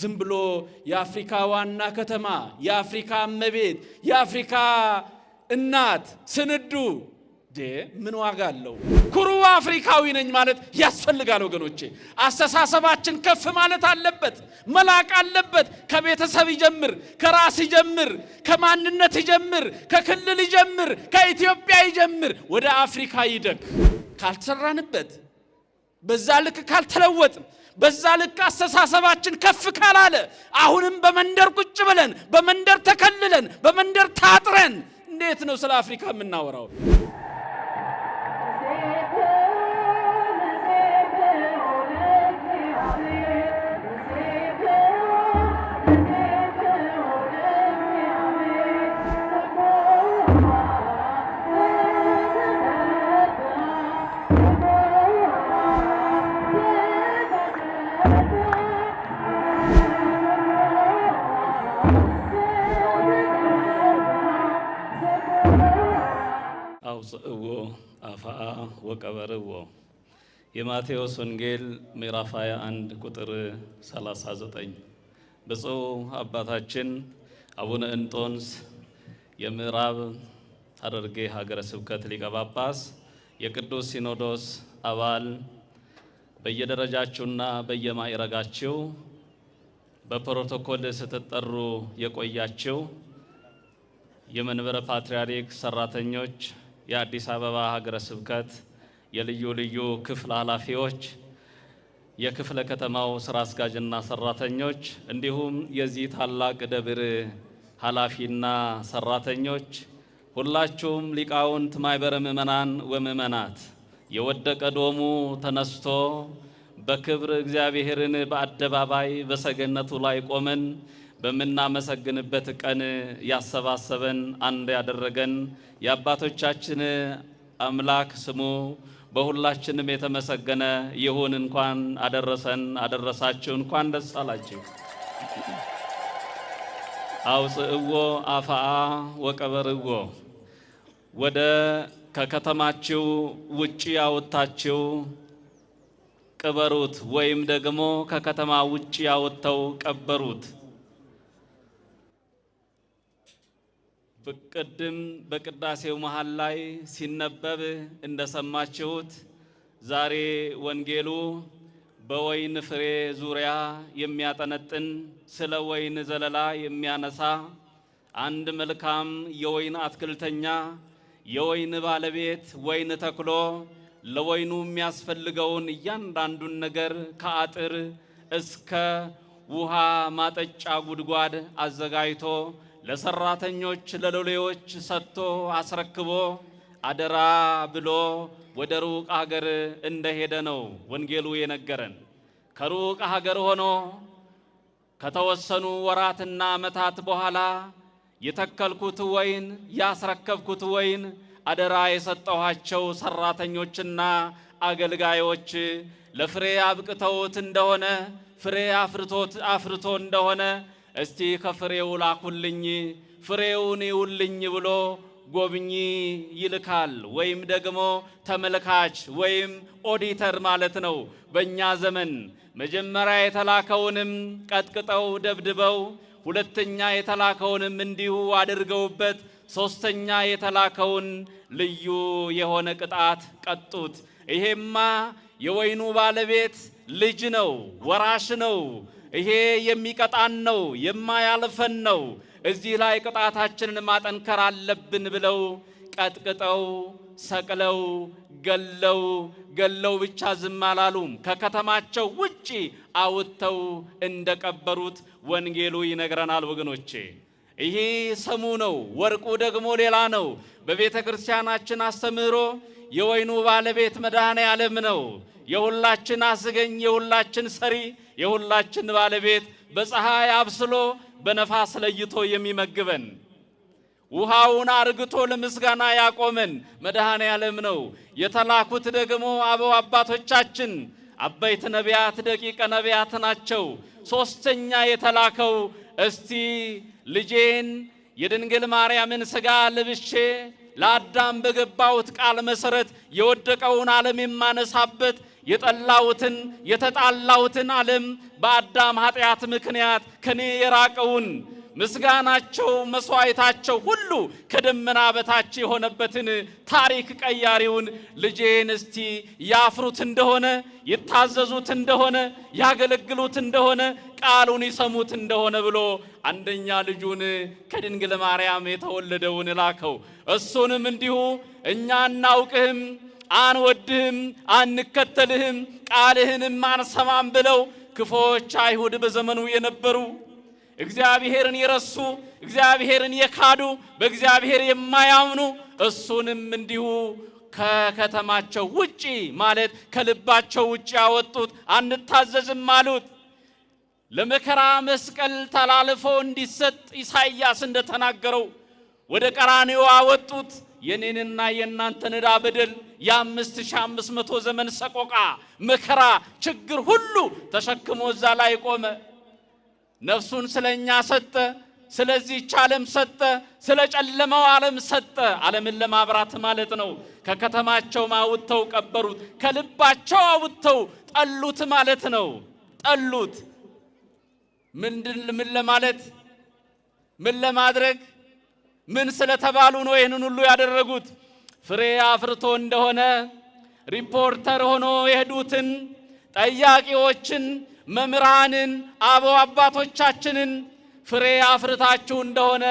ዝም ብሎ የአፍሪካ ዋና ከተማ፣ የአፍሪካ እመቤት፣ የአፍሪካ እናት ስንዱ ምን ዋጋ አለው? ኩሩ አፍሪካዊ ነኝ ማለት ያስፈልጋል ወገኖቼ። አስተሳሰባችን ከፍ ማለት አለበት፣ መላቅ አለበት። ከቤተሰብ ይጀምር፣ ከራስ ይጀምር፣ ከማንነት ይጀምር፣ ከክልል ይጀምር፣ ከኢትዮጵያ ይጀምር፣ ወደ አፍሪካ ይደግ ካልተሰራንበት በዛ ልክ ካልተለወጥም በዛ ልክ አስተሳሰባችን ከፍ ካላለ አሁንም በመንደር ቁጭ ብለን በመንደር ተከልለን በመንደር ታጥረን እንዴት ነው ስለ አፍሪካ የምናወራው? የማቴዎስ ወንጌል ምዕራፍ 21 ቁጥር 39 ብፁዕ አባታችን አቡነ እንጦንስ የምዕራብ ሐረርጌ ሀገረ ስብከት ሊቀ ጳጳስ፣ የቅዱስ ሲኖዶስ አባል፣ በየደረጃችሁና በየማዕረጋችሁ በፕሮቶኮል ስትጠሩ የቆያችሁ የመንበረ ፓትርያርክ ሰራተኞች፣ የአዲስ አበባ ሀገረ ስብከት የልዩ ልዩ ክፍል ኃላፊዎች፣ የክፍለ ከተማው ስራ አስጋጅና ሰራተኞች እንዲሁም የዚህ ታላቅ ደብር ኃላፊና ሰራተኞች ሁላችሁም ሊቃውንት ማይበረ ምእመናን ወምእመናት የወደቀ ዶሙ ተነስቶ በክብር እግዚአብሔርን በአደባባይ በሰገነቱ ላይ ቆመን በምናመሰግንበት ቀን ያሰባሰበን አንድ ያደረገን የአባቶቻችን አምላክ ስሙ በሁላችንም የተመሰገነ ይሁን። እንኳን አደረሰን አደረሳችሁ። እንኳን ደስ አላችሁ። አውፅእዎ አፍአ ወቀበርዎ ወደ ከከተማችሁ ውጪ ያወጣችሁ ቅበሩት፣ ወይም ደግሞ ከከተማ ውጪ ያወጥተው ቀበሩት። ቅድም በቅዳሴው መሃል ላይ ሲነበብ እንደሰማችሁት ዛሬ ወንጌሉ በወይን ፍሬ ዙሪያ የሚያጠነጥን ስለ ወይን ዘለላ የሚያነሳ አንድ መልካም የወይን አትክልተኛ የወይን ባለቤት ወይን ተክሎ ለወይኑ የሚያስፈልገውን እያንዳንዱን ነገር ከአጥር እስከ ውሃ ማጠጫ ጉድጓድ አዘጋጅቶ ለሰራተኞች ለሎሌዎች ሰጥቶ አስረክቦ አደራ ብሎ ወደ ሩቅ ሀገር እንደሄደ ነው ወንጌሉ የነገረን። ከሩቅ ሀገር ሆኖ ከተወሰኑ ወራትና ዓመታት በኋላ የተከልኩት ወይን ያስረከብኩት ወይን አደራ የሰጠኋቸው ሰራተኞችና አገልጋዮች ለፍሬ አብቅተውት እንደሆነ ፍሬ አፍርቶት አፍርቶ እንደሆነ እስቲ ከፍሬው ላኩልኝ ፍሬውን ይውልኝ ብሎ ጎብኚ ይልካል። ወይም ደግሞ ተመልካች ወይም ኦዲተር ማለት ነው። በእኛ ዘመን መጀመሪያ የተላከውንም ቀጥቅጠው ደብድበው፣ ሁለተኛ የተላከውንም እንዲሁ አድርገውበት፣ ሶስተኛ የተላከውን ልዩ የሆነ ቅጣት ቀጡት። ይሄማ የወይኑ ባለቤት ልጅ ነው፣ ወራሽ ነው ይሄ የሚቀጣን ነው፣ የማያልፈን ነው። እዚህ ላይ ቅጣታችንን ማጠንከር አለብን ብለው ቀጥቅጠው ሰቅለው ገለው ገለው ብቻ ዝም አላሉም። ከከተማቸው ውጪ አውጥተው እንደቀበሩት ወንጌሉ ይነግረናል ወገኖቼ። ይሄ ሰሙ ነው፣ ወርቁ ደግሞ ሌላ ነው። በቤተ ክርስቲያናችን አስተምህሮ የወይኑ ባለቤት መድኃኔ ዓለም ነው። የሁላችን አስገኝ፣ የሁላችን ሰሪ፣ የሁላችን ባለቤት በፀሐይ አብስሎ በነፋስ ለይቶ የሚመግበን ውሃውን አርግቶ ለምስጋና ያቆመን መድኃኔ ዓለም ነው። የተላኩት ደግሞ አበው አባቶቻችን አበይት ነቢያት ደቂቀ ነቢያት ናቸው። ሦስተኛ የተላከው እስቲ ልጄን የድንግል ማርያምን ሥጋ ልብሼ ለአዳም በገባሁት ቃል መሰረት የወደቀውን ዓለም የማነሳበት የጠላሁትን የተጣላሁትን ዓለም በአዳም ኃጢአት ምክንያት ከኔ የራቀውን ምስጋናቸው፣ መስዋዕታቸው ሁሉ ከደመና በታች የሆነበትን ታሪክ ቀያሪውን ልጄን እስቲ ያፍሩት እንደሆነ ይታዘዙት እንደሆነ ያገለግሉት እንደሆነ ቃሉን ይሰሙት እንደሆነ ብሎ አንደኛ ልጁን ከድንግል ማርያም የተወለደውን ላከው። እሱንም እንዲሁ እኛ እናውቅህም አንወድህም አንከተልህም ቃልህንም አንሰማም ብለው ክፎች አይሁድ በዘመኑ የነበሩ እግዚአብሔርን የረሱ እግዚአብሔርን የካዱ በእግዚአብሔር የማያምኑ እሱንም እንዲሁ ከከተማቸው ውጪ ማለት ከልባቸው ውጪ ያወጡት አንታዘዝም አሉት። ለመከራ መስቀል ተላልፎ እንዲሰጥ ኢሳይያስ እንደተናገረው ወደ ቀራንዮ አወጡት። የኔንና የእናንተን ዕዳ በደል የ 5500 ዘመን ሰቆቃ መከራ ችግር ሁሉ ተሸክሞ እዛ ላይ ቆመ። ነፍሱን ስለ እኛ ሰጠ፣ ስለዚች ዓለም ሰጠ፣ ስለ ጨለማው ዓለም ሰጠ። ዓለምን ለማብራት ማለት ነው። ከከተማቸውም አውጥተው ቀበሩት፣ ከልባቸው አውጥተው ጠሉት ማለት ነው። ጠሉት ምንድን ምን ለማለት ምን ለማድረግ ምን ስለተባሉ ነው ይህንን ሁሉ ያደረጉት? ፍሬ አፍርቶ እንደሆነ ሪፖርተር ሆኖ የሄዱትን ጠያቂዎችን መምህራንን አበው አባቶቻችንን ፍሬ አፍርታችሁ እንደሆነ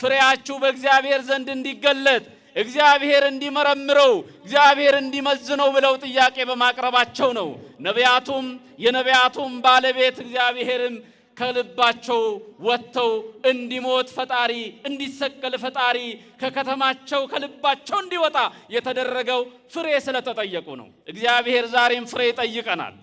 ፍሬያችሁ በእግዚአብሔር ዘንድ እንዲገለጥ እግዚአብሔር እንዲመረምረው እግዚአብሔር እንዲመዝነው ብለው ጥያቄ በማቅረባቸው ነው። ነቢያቱም የነቢያቱም ባለቤት እግዚአብሔርም ከልባቸው ወጥተው እንዲሞት ፈጣሪ እንዲሰቀል ፈጣሪ ከከተማቸው ከልባቸው እንዲወጣ የተደረገው ፍሬ ስለተጠየቁ ነው። እግዚአብሔር ዛሬም ፍሬ ይጠይቀናል።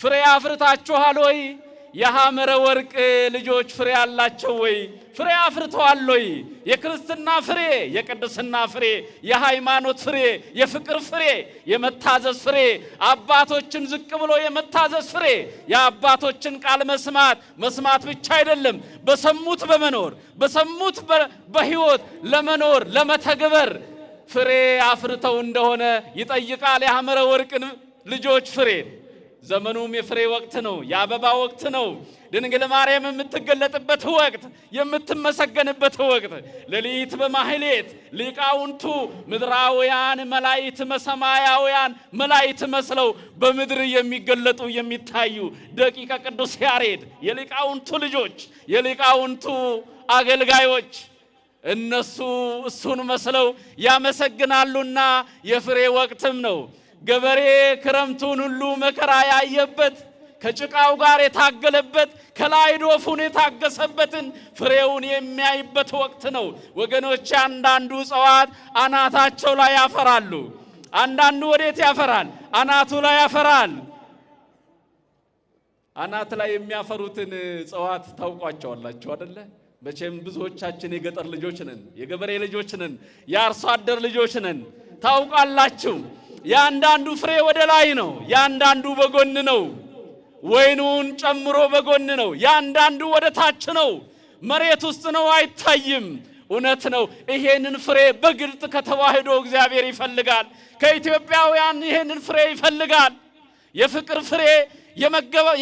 ፍሬ አፍርታችኋል ወይ? የሐመረ ወርቅ ልጆች ፍሬ አላቸው ወይ? ፍሬ አፍርተዋል ወይ? የክርስትና ፍሬ፣ የቅድስና ፍሬ፣ የሃይማኖት ፍሬ፣ የፍቅር ፍሬ፣ የመታዘዝ ፍሬ፣ አባቶችን ዝቅ ብሎ የመታዘዝ ፍሬ፣ የአባቶችን ቃል መስማት መስማት ብቻ አይደለም፣ በሰሙት በመኖር በሰሙት በሕይወት ለመኖር ለመተግበር ፍሬ አፍርተው እንደሆነ ይጠይቃል። የሐመረ ወርቅን ልጆች ፍሬ ዘመኑም የፍሬ ወቅት ነው፣ የአበባ ወቅት ነው። ድንግል ማርያም የምትገለጥበት ወቅት፣ የምትመሰገንበት ወቅት። ሌሊት በማህሌት ሊቃውንቱ ምድራውያን መላእክት ሰማያውያን መላእክት መስለው በምድር የሚገለጡ የሚታዩ ደቂቀ ቅዱስ ያሬድ የሊቃውንቱ ልጆች የሊቃውንቱ አገልጋዮች እነሱ እሱን መስለው ያመሰግናሉና የፍሬ ወቅትም ነው። ገበሬ ክረምቱን ሁሉ መከራ ያየበት ከጭቃው ጋር የታገለበት ከላይ ዶፉን የታገሰበትን ፍሬውን የሚያይበት ወቅት ነው ወገኖች አንዳንዱ እጽዋት አናታቸው ላይ ያፈራሉ። አንዳንዱ ወዴት ያፈራል? አናቱ ላይ ያፈራል። አናት ላይ የሚያፈሩትን እጽዋት ታውቋቸዋላችሁ አደለ? መቼም ብዙዎቻችን የገጠር ልጆች ነን፣ የገበሬ ልጆች ነን፣ የአርሶ አደር ልጆች ነን። ታውቃላችሁ። የአንዳንዱ ፍሬ ወደ ላይ ነው፣ የአንዳንዱ በጎን ነው። ወይኑን ጨምሮ በጎን ነው። የአንዳንዱ ወደ ታች ነው፣ መሬት ውስጥ ነው፣ አይታይም። እውነት ነው። ይሄንን ፍሬ በግልጥ ከተዋህዶ እግዚአብሔር ይፈልጋል። ከኢትዮጵያውያን ይሄንን ፍሬ ይፈልጋል። የፍቅር ፍሬ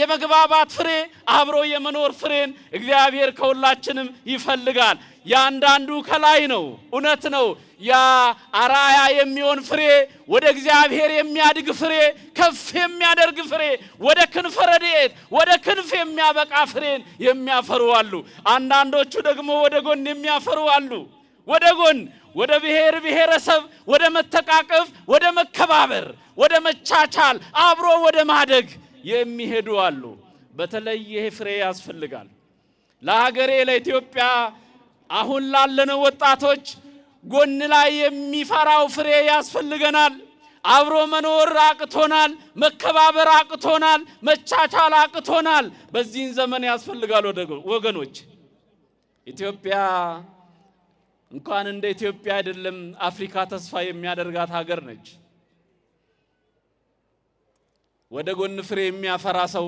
የመግባባት ፍሬ አብሮ የመኖር ፍሬን እግዚአብሔር ከሁላችንም ይፈልጋል። ያንዳንዱ ከላይ ነው፣ እውነት ነው። ያ አራያ የሚሆን ፍሬ፣ ወደ እግዚአብሔር የሚያድግ ፍሬ፣ ከፍ የሚያደርግ ፍሬ፣ ወደ ክንፈ ረድኤት፣ ወደ ክንፍ የሚያበቃ ፍሬን የሚያፈሩ አሉ። አንዳንዶቹ ደግሞ ወደ ጎን የሚያፈሩ አሉ። ወደ ጎን ወደ ብሔር ብሔረሰብ፣ ወደ መተቃቀፍ፣ ወደ መከባበር፣ ወደ መቻቻል፣ አብሮ ወደ ማደግ የሚሄዱ አሉ። በተለይ ይሄ ፍሬ ያስፈልጋል። ለሀገሬ ለኢትዮጵያ አሁን ላለነው ወጣቶች ጎን ላይ የሚፈራው ፍሬ ያስፈልገናል። አብሮ መኖር አቅቶናል፣ መከባበር አቅቶናል፣ መቻቻል አቅቶናል። በዚህን ዘመን ያስፈልጋል ወገኖች። ኢትዮጵያ እንኳን እንደ ኢትዮጵያ አይደለም አፍሪካ ተስፋ የሚያደርጋት ሀገር ነች። ወደ ጎን ፍሬ የሚያፈራ ሰው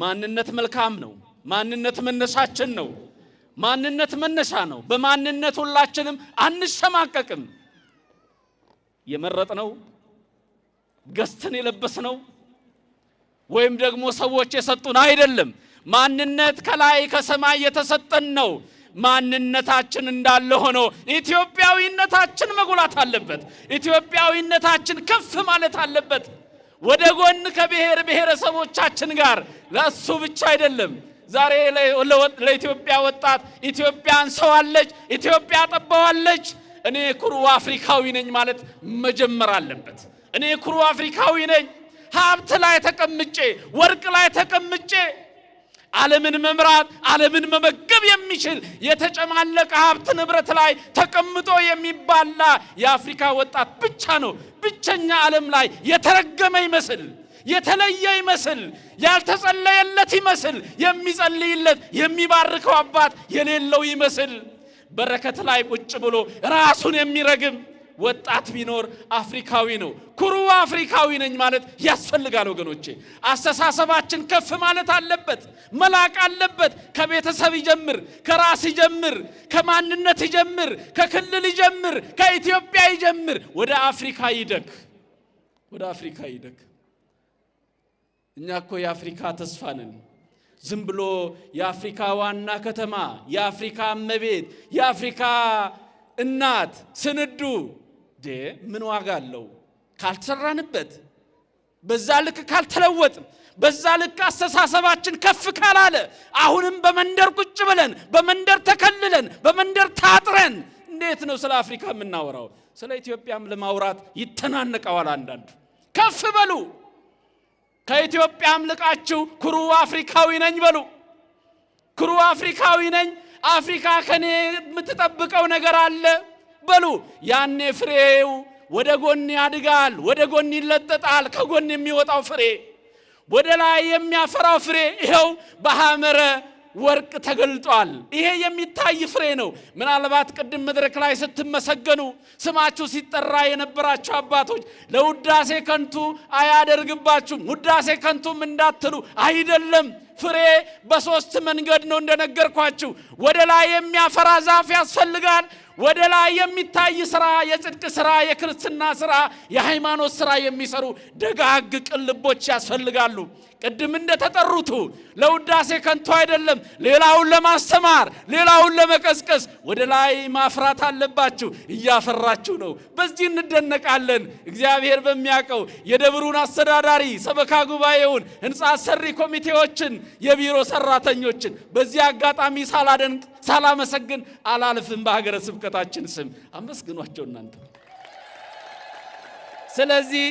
ማንነት መልካም ነው። ማንነት መነሻችን ነው። ማንነት መነሻ ነው። በማንነት ሁላችንም አንሸማቀቅም። የመረጥነው ገዝተን የለበስነው ወይም ደግሞ ሰዎች የሰጡን አይደለም። ማንነት ከላይ ከሰማይ የተሰጠን ነው። ማንነታችን እንዳለ ሆኖ ኢትዮጵያዊነታችን መጉላት አለበት። ኢትዮጵያዊነታችን ከፍ ማለት አለበት። ወደ ጎን ከብሔር ብሔረሰቦቻችን ጋር ለእሱ ብቻ አይደለም። ዛሬ ለኢትዮጵያ ወጣት ኢትዮጵያ አንሰዋለች፣ ኢትዮጵያ ጠባዋለች። እኔ ኩሩ አፍሪካዊ ነኝ ማለት መጀመር አለበት። እኔ ኩሩ አፍሪካዊ ነኝ ሀብት ላይ ተቀምጬ ወርቅ ላይ ተቀምጬ ዓለምን መምራት ዓለምን መመገብ የሚችል የተጨማለቀ ሀብት ንብረት ላይ ተቀምጦ የሚባላ የአፍሪካ ወጣት ብቻ ነው። ብቸኛ ዓለም ላይ የተረገመ ይመስል የተለየ ይመስል ያልተጸለየለት ይመስል የሚጸልይለት የሚባርከው አባት የሌለው ይመስል በረከት ላይ ቁጭ ብሎ ራሱን የሚረግም ወጣት ቢኖር አፍሪካዊ ነው። ኩሩ አፍሪካዊ ነኝ ማለት ያስፈልጋል ወገኖቼ። አስተሳሰባችን ከፍ ማለት አለበት፣ መላቅ አለበት። ከቤተሰብ ይጀምር፣ ከራስ ይጀምር፣ ከማንነት ይጀምር፣ ከክልል ይጀምር፣ ከኢትዮጵያ ይጀምር። ወደ አፍሪካ ይደግ፣ ወደ አፍሪካ ይደግ። እኛ እኮ የአፍሪካ ተስፋ ነን። ዝም ብሎ የአፍሪካ ዋና ከተማ፣ የአፍሪካ እመቤት፣ የአፍሪካ እናት ስንዱ ምን ዋጋ አለው ካልተሰራንበት፣ በዛ ልክ ካልተለወጥን፣ በዛ ልክ አስተሳሰባችን ከፍ ካላለ፣ አሁንም በመንደር ቁጭ ብለን በመንደር ተከልለን በመንደር ታጥረን እንዴት ነው ስለ አፍሪካ የምናወራው? ስለ ኢትዮጵያም ለማውራት ይተናነቀዋል አንዳንዱ። ከፍ በሉ ከኢትዮጵያ አምልቃችሁ ኩሩ አፍሪካዊ ነኝ በሉ። ኩሩ አፍሪካዊ ነኝ። አፍሪካ ከኔ የምትጠብቀው ነገር አለ። በሉ ያኔ ፍሬው ወደ ጎን ያድጋል፣ ወደ ጎን ይለጠጣል። ከጎን የሚወጣው ፍሬ ወደ ላይ የሚያፈራው ፍሬ ይኸው በሐመረ ወርቅ ተገልጧል። ይሄ የሚታይ ፍሬ ነው። ምናልባት ቅድም መድረክ ላይ ስትመሰገኑ ስማችሁ ሲጠራ የነበራችሁ አባቶች ለውዳሴ ከንቱ አያደርግባችሁም፣ ውዳሴ ከንቱም እንዳትሉ አይደለም። ፍሬ በሶስት መንገድ ነው እንደነገርኳችሁ። ወደ ላይ የሚያፈራ ዛፍ ያስፈልጋል። ወደ ላይ የሚታይ ስራ፣ የጽድቅ ስራ፣ የክርስትና ስራ፣ የሃይማኖት ስራ የሚሰሩ ደጋግ ቅን ልቦች ያስፈልጋሉ። ቅድም እንደተጠሩቱ ለውዳሴ ከንቱ አይደለም። ሌላውን ለማስተማር ሌላውን ለመቀስቀስ ወደ ላይ ማፍራት አለባችሁ። እያፈራችሁ ነው። በዚህ እንደነቃለን። እግዚአብሔር በሚያውቀው የደብሩን አስተዳዳሪ፣ ሰበካ ጉባኤውን፣ ሕንፃ ሰሪ ኮሚቴዎችን፣ የቢሮ ሰራተኞችን በዚህ አጋጣሚ ሳላደንቅ ሳላመሰግን አላልፍም። በሀገረ ስብከታችን ስም አመስግኗቸው እናንተ ስለዚህ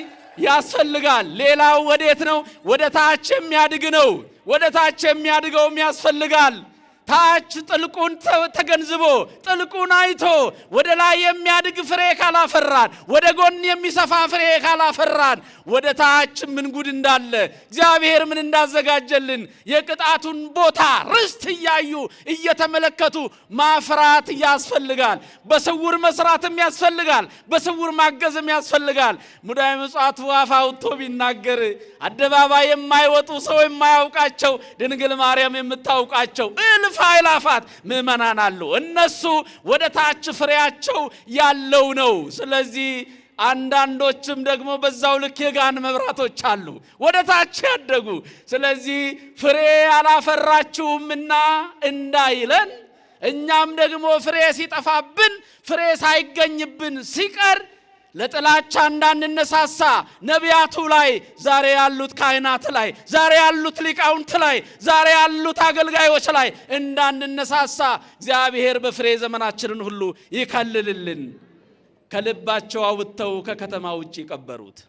ያስፈልጋል። ሌላው ወዴት ነው? ወደ ታች የሚያድግ ነው። ወደ ታች የሚያድገውም ያስፈልጋል። ታች ጥልቁን ተገንዝቦ ጥልቁን አይቶ ወደ ላይ የሚያድግ ፍሬ ካላፈራን፣ ወደ ጎን የሚሰፋ ፍሬ ካላፈራን፣ ወደ ታች ምን ጉድ እንዳለ እግዚአብሔር ምን እንዳዘጋጀልን የቅጣቱን ቦታ ርስት እያዩ እየተመለከቱ ማፍራት ያስፈልጋል። በስውር መስራትም ያስፈልጋል። በስውር ማገዝም ያስፈልጋል። ሙዳይ ምጽዋቱ አፍ አውጥቶ ቢናገር አደባባይ የማይወጡ ሰው የማያውቃቸው ድንግል ማርያም የምታውቃቸው እልፍ እልፍ አእላፋት ምእመናን አሉ። እነሱ ወደ ታች ፍሬያቸው ያለው ነው። ስለዚህ አንዳንዶችም ደግሞ በዛው ልክ የጋን መብራቶች አሉ፣ ወደ ታች ያደጉ። ስለዚህ ፍሬ አላፈራችሁምና እንዳይለን እኛም ደግሞ ፍሬ ሲጠፋብን ፍሬ ሳይገኝብን ሲቀር ለጥላቻ እንዳንነሳሳ ነቢያቱ ላይ፣ ዛሬ ያሉት ካህናት ላይ፣ ዛሬ ያሉት ሊቃውንት ላይ፣ ዛሬ ያሉት አገልጋዮች ላይ እንዳንነሳሳ እግዚአብሔር በፍሬ ዘመናችንን ሁሉ ይከልልልን። ከልባቸው አውጥተው ከከተማ ውጭ ይቀበሩት።